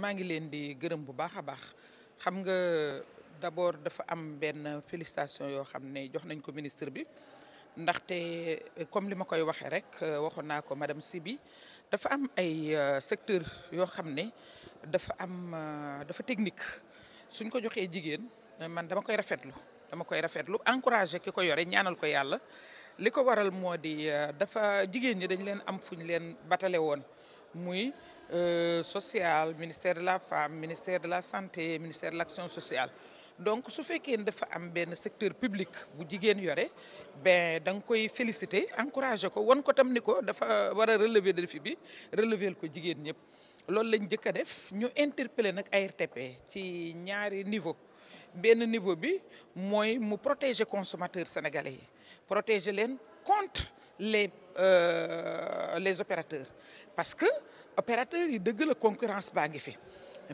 maa ngi leen di gërëm bu baax a baax xam nga d'abord dafa am benn félicitation yoo xam ne jox nañ ko ministre bi ndaxte comme li ma koy waxee rek waxoon naa ko madame Sibi dafa am ay euh, secteur yoo xam ne dafa am euh, dafa technique suñ ko joxee jigéen man dama koy rafetlu dama koy rafetlu encouragé ki ko yore ñaanal ko yàlla li ko waral moo di euh, dafa jigéen ñi dañ leen am fuñ leen batale woon euh, social ministère de la femme ministère de la santé ministère de l'action sociale donc ce qui est dafa secteur public bu jigéen nous ben féliciter encourager ko wan ko tam ko relever défi bi relever le jigéen Ce loolu nous njëkk a def ñu interpeller l'ARTP ARTP ci ñaari niveau benn niveau bi nous mu protéger consommateurs sénégalais protéger les contre les, euh, les opérateurs parce que opérateurs yi dëgg la concurrence baa ngi fi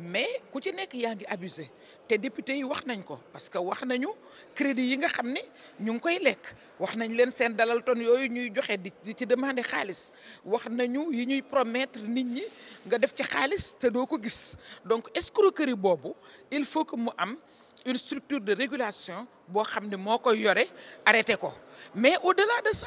mais ku ci nekk yaa ngi abusé te député yi wax nañ ko parce que wax nañu crédit yi nga xam ne ñu ngi koy lekk wax nañ leen seen dalal ton yooyu ñuy joxe di ci demandé xaalis wax nañu yi ñuy promettre nit ñi nga def ci xaliss te doko gis donc escroquerie bobu il faut que mu am une structure de régulation bo xamné mo koy yoré arrêté ko mais au-delà de ça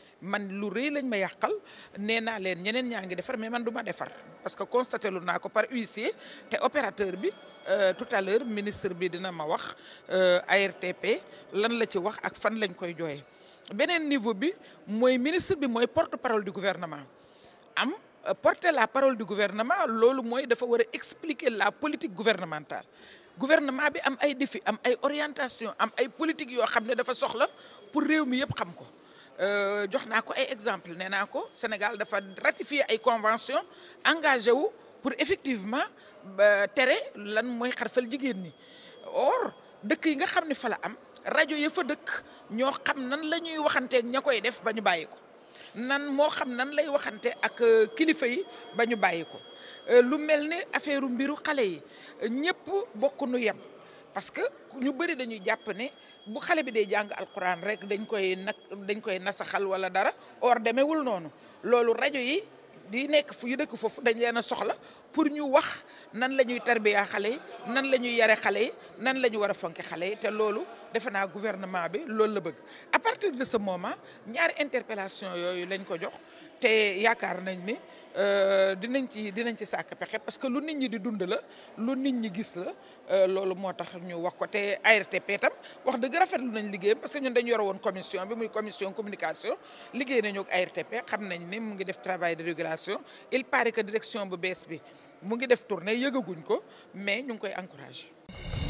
man lu sais lañ ma yakal nee len ñeneen ñangi mais man du ma parce que constaté lu nako par huissier té opérateur bi euh, tout à l'heure ministre bi dina ma wax euh, ARTP lan la ci wax ak fan lañ koy joyé niveau bi moy ministre bi moy porte parole du gouvernement am euh, porter la parole du gouvernement lolu moy dafa expliquer la politique gouvernementale. gouvernement bi am ay des am ay orientation am ay politique yo xamné dafa pour réunir mi yëpp xam Euh, jox naa ko ay exemple nee naa ko Sénégal dafa ratifier ay convention engagé wu pour effectivement tere lan mooy xarfal jigéen ñi or dëkk yi nga xam ni fa am rajo ya fa dëkk ñoo xam nan la ñuy waxanteeg ña koy def ba ñu bàyyi ko nan moo xam nan lay waxante ak euh, kilifa yi ba ñu bàyyi ko euh, lu mel ni affaire mbiru xale yi ñëpp bokk nu yem. parce que ñu bëri dañuy japp né bu xalé bi day jang alcorane rek dañ koy nak dañ koy nasaxal wala dara or fait des lolu yi di fu pour ñu wax nan lañuy tarbiya xalé nan lañuy yare nan wara fonké gouvernement bi à partir de ce moment ñaar interpellation yoyu lañ te yaakaar nañ ni euh, dinañ ci dinañ ci sàkk pexe parce que lu nit ñi di dund la lu nit ñi gis la euh, loolu moo tax ñu wax ko te ARTP tam wax dëgg rafetlu nañ liggéeyam parce que ñun dañu yore woon commission bi muy commission communication liggéey nañu ak ARTP xam nañ ni mu ngi def travail de régulation il paraît que direction bu bees bi mu ngi def tournée yëgaguñ ko mais ñu ngi koy encouragé.